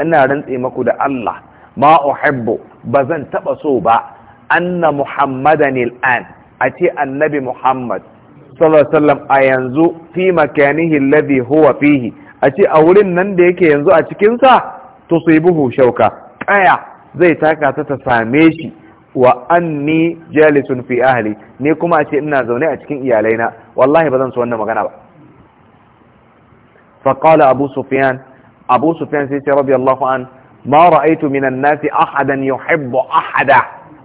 ina rantse maku da Allah ma uhibbu bazan taba so ba anna muhammadan al'an a ce annabi muhammad sallallahu alaihi wasallam a yanzu fi makanihi alladhi huwa fihi a ce a wurin nan da yake yanzu a cikinsa to yi buhu shauka ƙaya zai taka ta ta same shi wa an anni jalisun fi ahli ne kuma a ce ina zaune a cikin iyalaina wallahi ba zan su wannan magana ba fa abu sufyan abu sufyan sai ce allahu an ma ra'aitu minan nasi ahadan yuhibbu ahada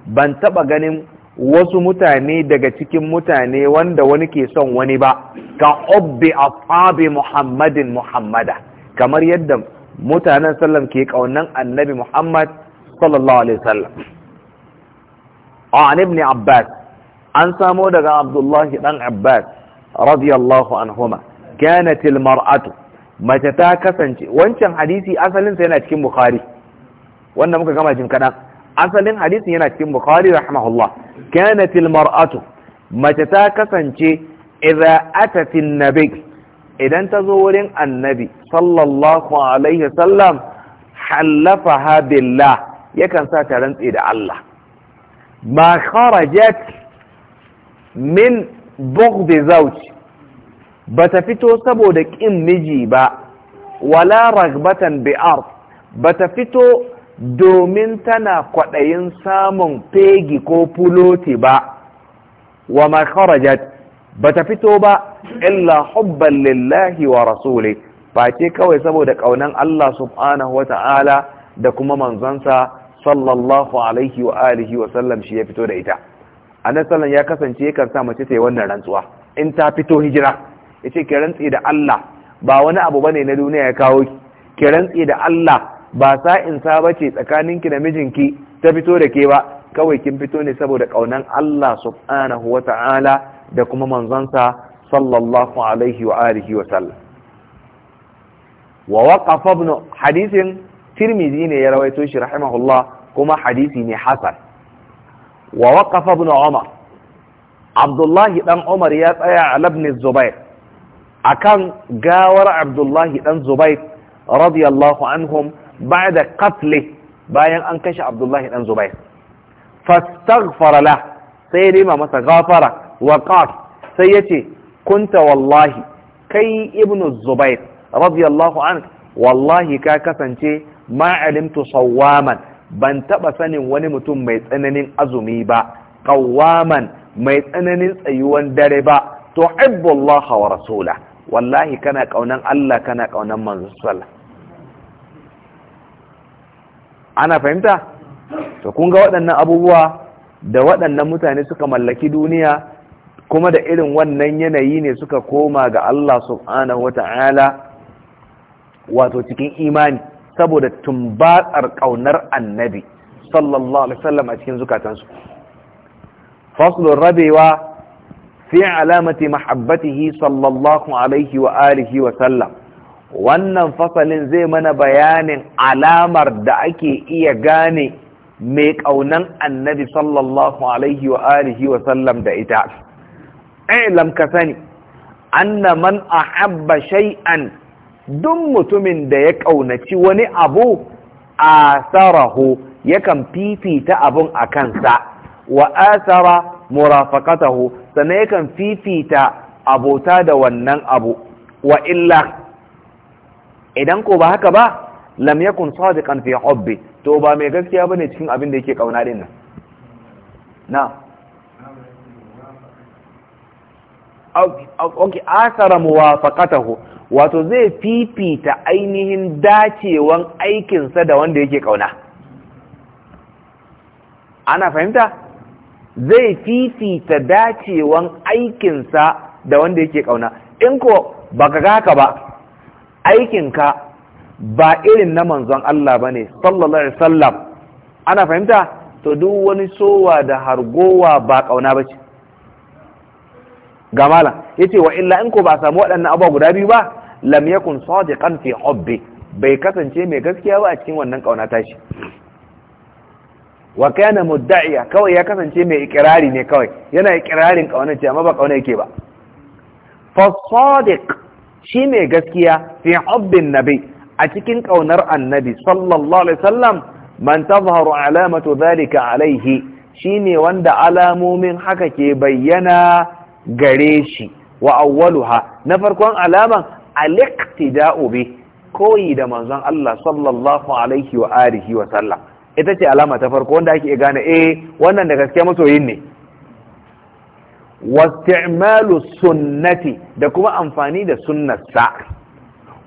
ban taba ganin wasu mutane daga cikin mutane wanda wani ke son wani ba ka obbi ashabi muhammadin muhammada kamar yadda mutanen sallam ke kaunan annabi muhammad sallallahu alaihi sallam. an ibn abbas an samo daga abdullahi dan abbas radiyallahu anhuma kanat almar'atu mace ta kasance wancan hadisi asalin sa yana cikin bukhari wanda muka gama jin kadan asalin hadisi yana cikin bukhari rahimahullah kanat almar'atu mace ta kasance idza atat annabi idan ta zo wurin annabi sallallahu alaihi sallam hallafaha yakan sa ta rantse da Allah ma kharajat min bughd zawj bata fito saboda ƙin miji ba wala ragbatan bi ard bata fito domin tana kwaɗayin samun fegi ko fuloti ba wa ma kharajat bata fito ba illa hubban lillahi wa rasuli face kawai saboda kaunan Allah subhanahu wata'ala da kuma manzansa sallallahu alaihi wa alihi wa sallam shi ya fito da ita annabi sallan ya kasance kan sa mace ta yi wannan rantsuwa in ta fito hijira yace ki rantsi da Allah ba wani abu bane na duniya ya kawo ki ki rantsi da Allah ba sa'in sa bace ki da mijinki ta fito da ke ba kawai kin fito ne saboda kaunan Allah subhanahu wata'ala da kuma manzonsa sallallahu alaihi wa alihi wa sallam wa waqafa ibn hadisin tirmidhi ne ya rawaito shi rahimahullah kuma hadisi ne hasan wa waqafa ibn umar abdullahi dan umar ya tsaya a labni zubair akan gawar abdullahi dan zubair radiyallahu anhum ba'da qatli bayan an kashe abdullahi dan zubair fastaghfara la sai dai masa gafara Waƙar sai yace kunta wallahi kai ibnu zubair radiyallahu anhu wallahi ka kasance ma alimtu sawwaman ban taɓa sanin wani mutum mai tsananin azumi ba qawwaman mai tsananin tsayuwan dare ba to Allah wa rasula wallahi kana ƙaunan Allah kana ƙaunan manzo sallah ana fahimta to kun ga waɗannan abubuwa da waɗannan mutane suka mallaki duniya kuma da irin wannan yanayi ne suka koma ga Allah subhanahu wata'ala wato cikin imani saboda tumbatsar kaunar annabi sallallahu alaihi wasallam a cikin zukatansu faslun rabewa fi alamati mahabbatihi sallallahu alaihi wa alihi wa sallam wannan fasalin zai mana bayanin alamar da ake iya gane mai kaunan annabi sallallahu alaihi wa alihi wa sallam da ita ilam eh, ka sani anna man ahabba shay'an duk mutumin da ya kaunaci wani abu a asarahu yakan fifita abun a kansa wa asara murafaqatahu sannan yakan fifita abota da wannan abu wa illa idan ko ba haka ba lam yakun sadiqan fi hubbi to ba mai gaskiya bane cikin abin da yake kauna din nan na okay asara muwafaqatahu wato zai fifita ainihin dacewan aikinsa da wanda yake kauna ana fahimta zai fifita dacewan aikinsa da wanda yake kauna in ko baka ga ba ba aikinka ba irin na manzon Allah bane sallallahu alaihi wasallam ana fahimta to duk wani sowa da hargowa ba kauna bace ga malam yace wa illa in ko ba samu waɗannan abubuwa guda biyu ba lam yakun sadiqan fi hubbi bai kasance mai gaskiya ba a cikin wannan kauna tashi wa kana mudda'iya kawai ya kasance mai ikirari ne kawai yana ikirarin kaunar ce amma ba kauna yake ba fa sadiq shi mai gaskiya fi hubbin nabi a cikin kaunar annabi sallallahu alaihi wasallam man tazharu alamatu dhalika alaihi shine wanda alamomin haka ke bayyana gare shi wa awwaluha na farkon alaman al bi koyi da manzon Allah sallallahu alaihi wa alihi wa sallam ita ce alama ta farko wanda ake gane eh wannan da gaskiya masoyin ne wasti'malu sunnati da kuma amfani da sunnar sa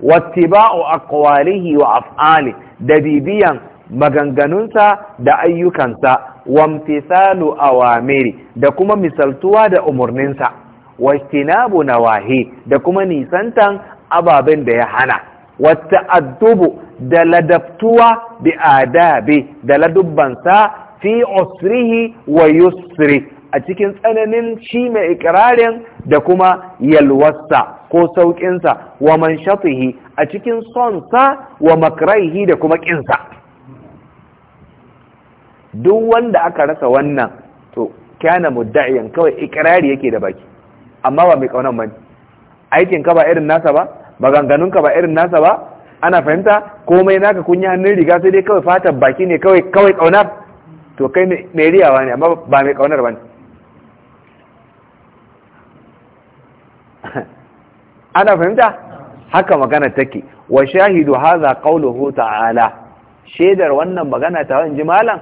wattiba'u aqwalihi wa af'ali da bibiyan maganganunsa da ayyukansa wamtisalu awamiri da kuma misaltuwa da umarninsa wastinabu nawahi da kuma nisantan ababen da ya hana wata addubu da ladabtuwa bi adabi da ladubbansa fi usrihi wa yusri a cikin tsananin shi mai ikirarin da kuma yalwasa ko sauƙinsa wa manshafihi a cikin sonsa wa makraihi da kuma ƙinsa duk wanda aka rasa wannan to kana mudda'iyan kawai ikrari yake da baki amma ba mai kaunan bane aikin ka ba irin nasa ba maganganun ka ba irin nasa ba ana fahimta komai naka kun yi hannun riga sai dai kawai fatan baki ne kawai kawai kaunar to kai mai riyawa ne amma ba mai kaunar bane ana fahimta haka magana take wa shahidu hadha qawluhu ta'ala shedar wannan magana ta wani malam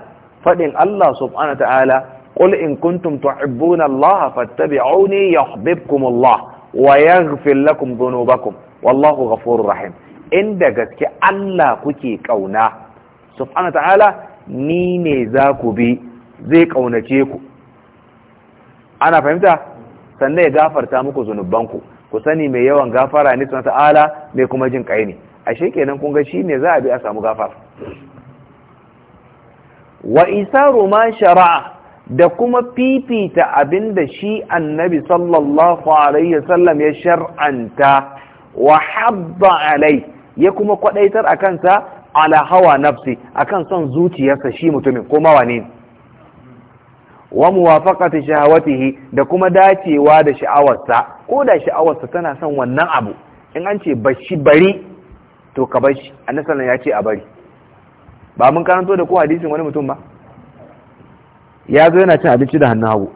faɗin Allah subhanahu wa ta'ala qul in kuntum tuhibbuna Allah fattabi'uni yuhibbukum Allah wa yaghfir lakum dhunubakum wallahu inda gaske Allah kuke ƙauna subhanahu ta'ala ni ne za bi zai ƙaunace ku ana fahimta sannan ya gafarta muku zunubanku ku sani mai yawan gafara ne subhanahu ta'ala mai kuma jin kai ne ashe kenan kun ga shine za a bi a samu gafara wa Isa ma shara'a da kuma fifita abin da shi annabi sallallahu alaihi wasallam ya shar'anta wa habba alai ya kuma kwadaitar a kansa ala hawa nafsi akan son zuciyarsa shi mutumin kuma wane wa muwafaqati shahawatihi da kuma dacewa da sha'awarsa ko da sha'awarsa tana son wannan abu in an ce bashi bari to ka bashi annabi ya ce a bari ba mun karanto da ko hadisin wani mutum ba ya zo yana cin abinci da hannun hagu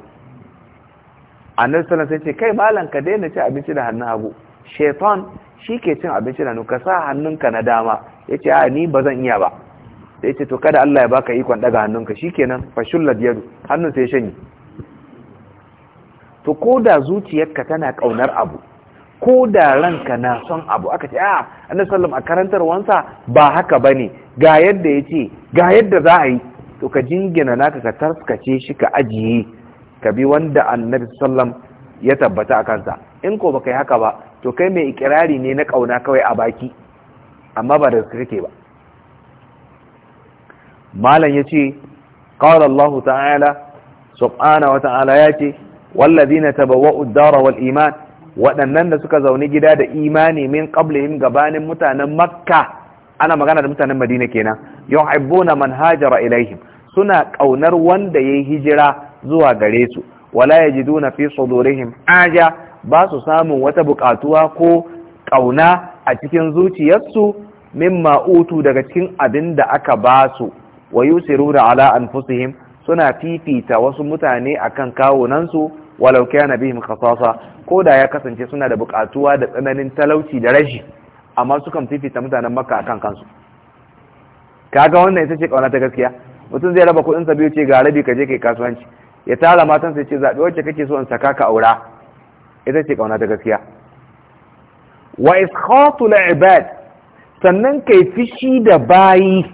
annabi sallallahu alaihi ce kai malam ka daina cin abinci da hannun hagu shaitan shi ke cin abinci da hannu ka sa hannunka na dama yace a ni ba zan iya ba sai ce to kada Allah ya baka ikon daga hannunka shikenan fashullat yadu hannun sai shanye to ko da zuciyarka tana ƙaunar abu ko da ranka na son abu aka ce a ah, annabi sallam a karantarwansa ba haka bane ga yadda yace ga yadda za a yi to ka jingina naka ka taskace shi ka ajiye ka bi wanda annabi sallam ya tabbata a kansa in ko baka yi haka ba to kai mai ikirari ne na kauna kawai a baki amma ba da kake ba malam yace qala Allah ta'ala subhanahu wa ta'ala na والذين تبوأوا الدار iman. waɗannan da suka zaune gida da imani min yin gabanin mutanen makka ana magana da mutanen madina kenan yau haibu na manhajar ilaihim suna ƙaunar wanda ya yi hijira zuwa gare su wala duna fi sudurihim aja ba su samun wata buƙatuwa ko ƙauna a cikin zuciyarsu min ma'utu daga cikin abin da aka ba su wa da ala anfusihim suna fifita wasu mutane akan kawunansu walau kana bihim khasasa ko da ya kasance suna da bukatuwa da tsananin talauci da rashi amma sukan fifita mutanen makka akan kansu kaga wannan ita ce kauna ta gaskiya mutum zai raba kuɗin sa biyu ce ga rabi ka je kai kasuwanci ya tara matan sai ce zabi wacce kake so in saka ka aura ita ce kauna ta gaskiya wa iskhatu al-ibad sannan kai fishi da bayi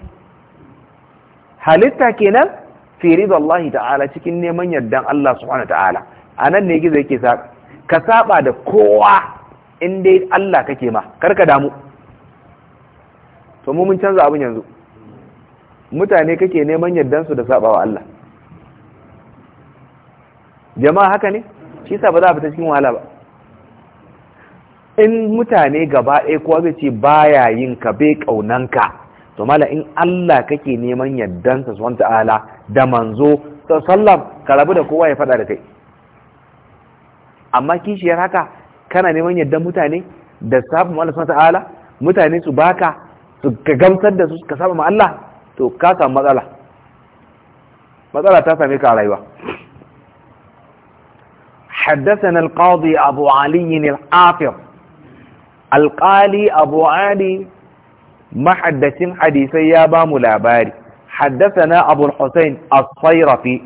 halitta kenan fi ridallahi ta'ala cikin neman yardan Allah subhanahu ta'ala a nan ne gizo yake sa ka saba da kowa in dai Allah kake ma karka damu to mu mun canza abin yanzu mutane kake neman yaddan su da saba wa Allah jama'a haka ne shi sa ba za a fita cikin wahala ba in mutane gaba ɗaya kowa zai ce baya yin ka bai ƙaunanka to mala in Allah kake neman yaddan su wanta ala da manzo sallam ka rabu da kowa ya faɗa da kai amma kishiyar haka kana neman yadda mutane da sabon Allah subhanahu ta'ala mutane su baka su gamsar da su ka saba ma Allah to ka samu matsala matsala ta same ka a rayuwa حدثنا القاضي أبو علي الحافظ القالي أبو علي محدث حديثي يا بام لاباري حدثنا أبو الحسين الصيرفي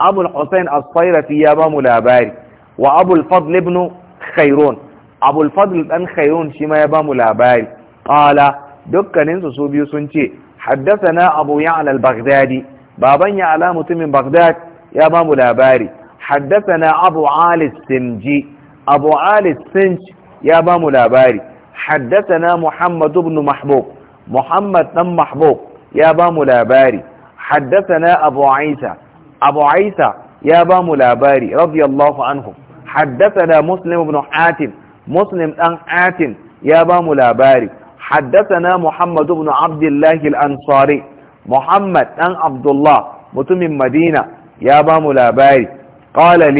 أبو الحسين الصيرفي يا بام لاباري wa abulfadl ibn khairun abul dan khairun shi ma ya bamu labari qala dukkanin su biyu sun ce haddathana abu ya'la al-baghdadi baban ya'la mutumin baghdad ya bamu labari haddathana abu ali simji abu ali simji ya bamu labari haddathana muhammad ibn mahbub muhammad dan mahbub ya bamu labari haddathana abu isa abu isa ya bamu labari radiyallahu anhu haddathana muslim ibn atim muslim dan atim ya ba mu labari haddathana muhammad ibn abdullahi al-ansari muhammad dan abdullah mutumin madina ya ba mu labari qala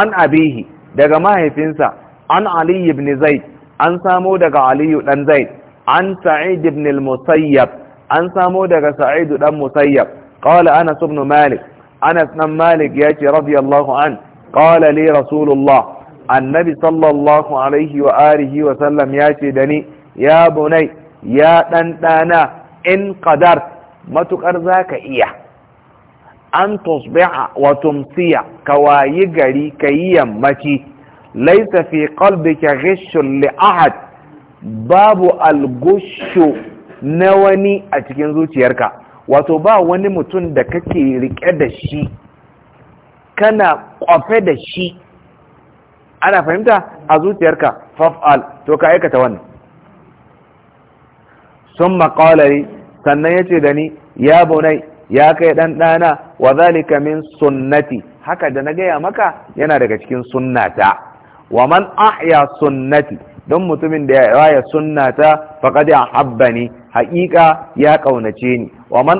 an abihi daga mahaifinsa an ali ibn zaid an samo daga aliyu dan zaid an sa'id ibn musayyab an samo daga sa'id dan musayyab qala anas ibn malik anas dan malik yace radiyallahu an. qala li annabi sallallahu alaihi wa wa sallam ya ce ya bunai ya dan dana in qadar matukar zaka iya an tusbiha wa tumsiya kawayi gari kayi yammaci laysa fi qalbika ghishun li ahad babu algushu na wani a cikin zuciyarka wato ba wani mutum da kake rike da shi kana kwafe da shi ana fahimta a zuciyarka faf'al to ka aikata wannan sun maƙalari sannan ya ce da ni ya bunai ya kai ɗan ɗana wa zalika min sunnati haka da na gaya maka yana daga cikin sunnata wa man ahya sunnati don mutumin da ya raya sunnata faqad ni haƙiƙa ya ƙaunace ni wa man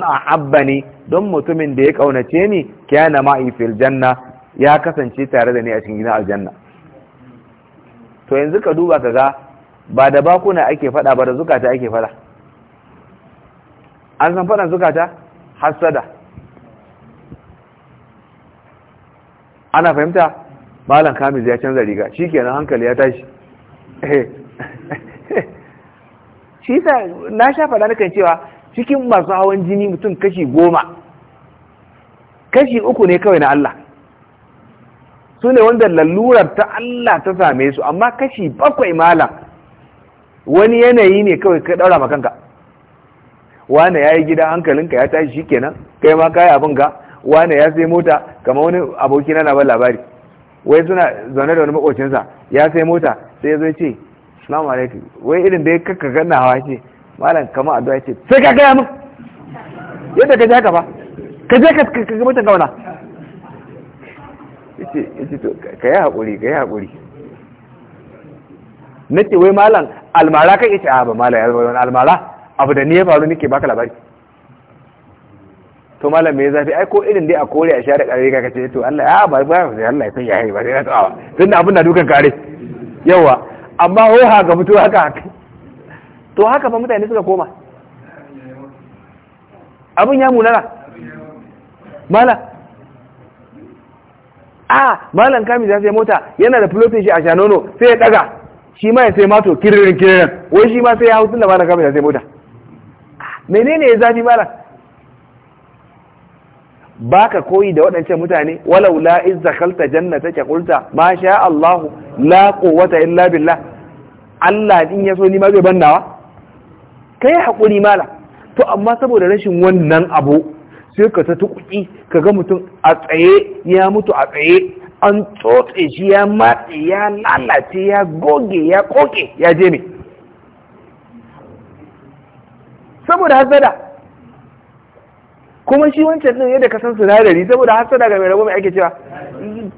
ni don mutumin da ya ƙaunace ni kyana ma'i fil janna ya kasance tare da ni a cikin gidan aljanna to yanzu ka duba ka ga ba da bakuna ake fada ba da zukata ake fada an san fadan zukata hasada ana fahimta malam kamiz ya canza riga shikenan hankali ya tashi shi sa na sha fada nakan cewa cikin masu hawan jini mutum kashi goma kashi uku ne kawai na Allah su ne wanda lalurar ta Allah ta same su amma kashi bakwai malam wani yanayi ne kawai ka daura ma kanka wane ya yi gida hankalinka ya tashi shi kenan kai ma kayi abin ga wane ya sai mota kamar wani aboki na labar labari wai suna zaune da wani makocinsa ya sai mota sai ya zo ce salamu alaikum wai irin da ya kakka gannawa ce malam kamar addu'a ce sai ka gaya min yadda ka ji haka ba ka je ka ka mutan gauna yace to ka yi hakuri ka yi hakuri ce wai malam almara kai yace a ba malam almara abu da ni ya faru nake baka labari to malam me zafi ai ko irin dai a kore a share kare ka kace to Allah ya ba ba sai Allah ya san ya ba sai na tsawa tunda abin na dukan kare yawa amma wai ha ga mutu haka haka to haka fa mutane suka koma abin ya munana mala a malan kami ya sai mota yana da flotin shi a shanono sai ya daga shi ma ya sai mato kiririn kiririn wai shi ma sai ya hau tun da malan kami ya sai mota menene ya zafi Ba baka koyi da waɗancan mutane walau la izza kalta jannata ka qulta ma sha Allah la quwwata illa billah Allah din yaso ni ma zai bannawa kai hakuri mala to amma saboda rashin wannan abu sai ka ta tukuki ka ga mutum a tsaye ya mutu a tsaye an tsotse shi ya matse ya lalace ya goge ya koke ya je ne saboda hasada kuma shi wancan din yadda ka san sinadari saboda hasada ga mai rabo mai ake cewa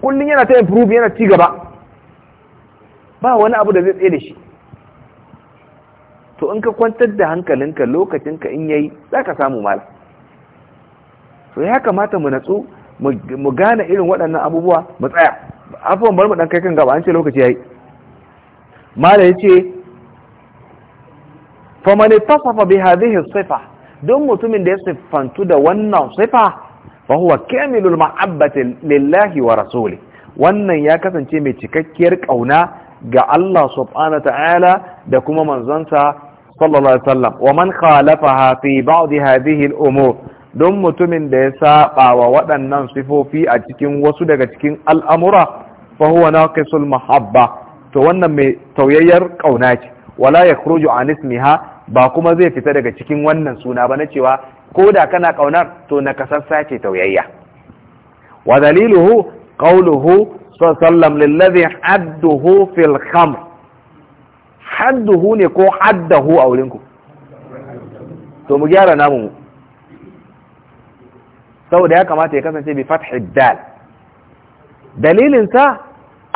kullum yana ta improve yana ci gaba ba wani abu da zai tsaye da shi to in ka kwantar da hankalinka lokacinka in yayi za ka samu mala so ya kamata mu natsu mu gane irin waɗannan abubuwa mu tsaya abubuwan bar mu ɗan kai kan gaba an ce lokaci yayi mala yace faman tasafa bi hadhihi sifa don mutumin da ya siffantu da wannan sifa fa huwa kamilul mahabbati lillahi wa rasuli wannan ya kasance mai cikakkiyar kauna ga Allah subhanahu ta'ala da kuma manzonsa sallallahu alaihi wasallam wa man khalafaha fi ba'd hadhihi al-umur don mutumin da ya saba wa waɗannan sifofi a cikin wasu daga cikin al'amura fa huwa naqisul mahabba to wannan mai tauyayyar ƙauna ce wala yakhruju an ismiha ba kuma zai fita daga cikin wannan suna ba na cewa ko da kana ƙaunar? to nakasassa ce tauyayya wa daliluhu qawluhu sallam lillazi hadduhu fil khamr hadduhu ne ko haddahu a wurinku to mu gyara namu saboda ya kamata ya kasance bi fathid dal dalilin sa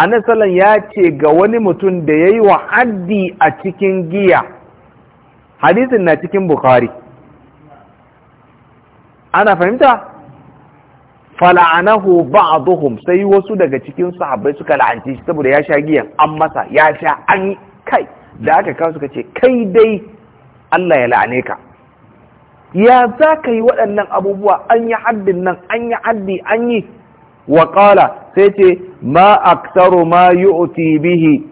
annabi ya ce ga wani mutum da yayi wa haddi a cikin giya hadisin na cikin bukhari ana fahimta fala'anahu ba'dhum sai wasu daga cikin sahabbai suka la'anci shi saboda ya sha giyan an masa ya sha an kai da aka kawo suka ce kai dai Allah ya la'ane ka ya za ka yi waɗannan abubuwa an yi haddin nan an yi haddi an yi wa ƙala sai ce ma aksaru ma yu'ti bihi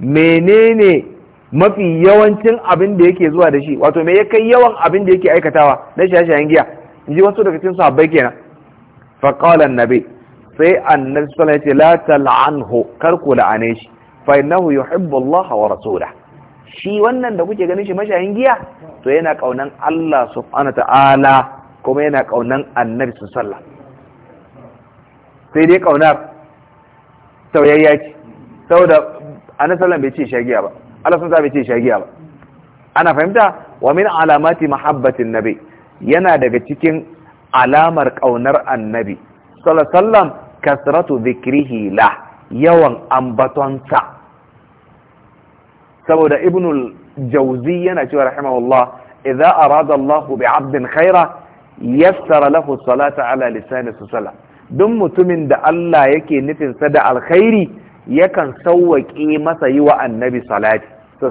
menene mafi yawancin abin da yake zuwa da shi wato me ya kai yawan abin da yake aikatawa na shayen giya in ji wasu daga cikin sahabbai kenan fa qala annabi sai annabi sallallahu alaihi wasallam ya ce la tal'anhu kar ku la'ane shi fa innahu yuhibbu Allah wa rasulahu shi wannan da kuke ganin shi mashayin giya to yana kaunan Allah subhanahu ta'ala kuma yana kaunan annabi sallallahu sai dai kaunar sauyayya ce saboda annabi sallallahu bai ce shagiya ba Allah sun bai ce shi giya ba ana fahimta wa min alamati mahabbatin nabi yana daga cikin alamar kaunar annabi sallallahu alaihi wasallam kasratu dhikrihi la yawan ambatonsa saboda ibnul jauzi yana cewa rahimahullah idza arada Allahu bi 'abdin khaira yassara lahu salata ala lisani sallam duk mutumin da Allah yake nufin sa da alkhairi yakan sauwaƙe masa yi wa annabi salati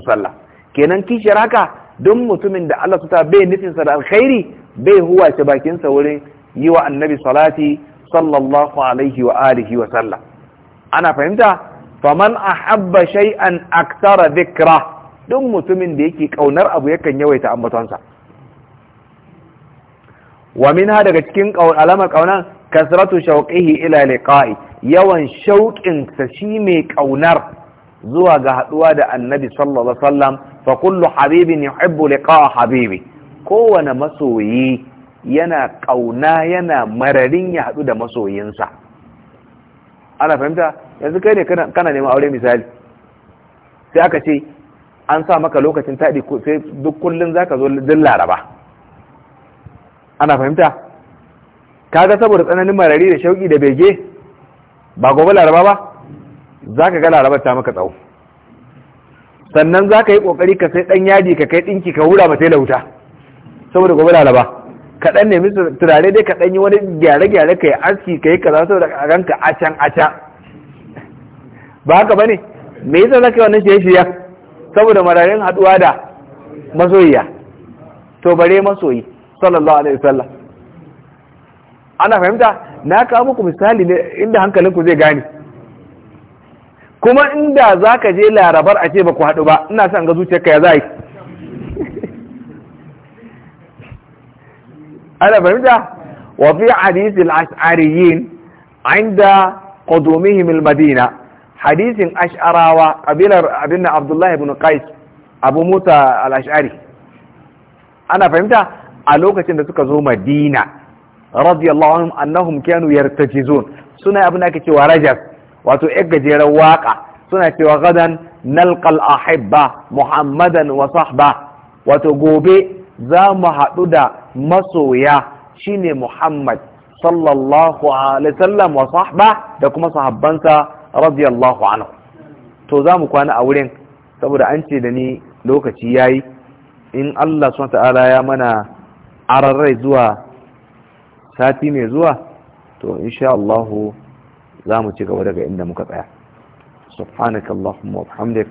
sallah kenan kishiyar haka duk mutumin da Allah ta bai nufin sa da alkhairi bai huwa ce bakin sa wurin yi wa annabi salati sallallahu alaihi wa alihi wa sallam ana fahimta faman habba shay'an aktara dhikra duk mutumin da yake kaunar abu yakan yawaita ambatonsa wa ha daga cikin alamar kauna kasratu shauqihi ila liqa'i yawan shauqin sa shi mai kaunar zuwa ga haduwa da annabi sallallahu alaihi wasallam fa kullu habibin yuhibbu liqa'a habibi kowane masoyi yana kauna yana mararin ya hadu da masoyinsa ana fahimta yanzu kai ne kana neman aure misali sai aka ce an sa maka lokacin taɗi sai duk kullum za ka zo din laraba ana fahimta kaga saboda tsananin marari da shauƙi da bege ba gobe laraba ba za ka ga laraba ta maka tsawo sannan za yi kokari ka sai ɗan yadi ka kai ɗinki ka hura mata lauta saboda gobe laraba ka dan nemi turare dai ka dan yi wani gyare-gyare ka yi aski ka yi kaza saboda a ranka a can a can ba haka ne me yasa zaka wannan shiye shiryen saboda mararin haduwa da masoyiya to bare masoyi sallallahu alaihi wasallam ana fahimta na kawo muku misali ne inda hankalinku zai gane kuma inda za ka je larabar a ce ba ku hadu ba ina son ga zuciyarka ya zai ana fahimta wa fi hadisi al-ash'ariyin inda qudumihim al-madina hadisin ash'arawa kabilar abin da abdullahi ibn qais abu musa al-ash'ari ana fahimta a lokacin da suka zo madina radiyallahu anhum annahum kanu yartajizun suna abin da ake cewa rajas wato yan gajeren waka suna cewa gadan nalqal ahibba muhammadan wa sahba wato gobe za mu haɗu da masoya shine muhammad sallallahu alaihi wasallam wa sahba da kuma sahabbansa radiyallahu anhu to za mu kwana a wurin saboda an ce da ni lokaci yayi in Allah subhanahu ta'ala ya mana ararrai zuwa sati mai zuwa to insha Allah za mu ci gaba daga inda muka tsaya subhanaka allahumma wa bihamdik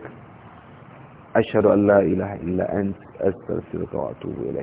ashhadu an la ilaha illa ant astaghfiruka wa atubu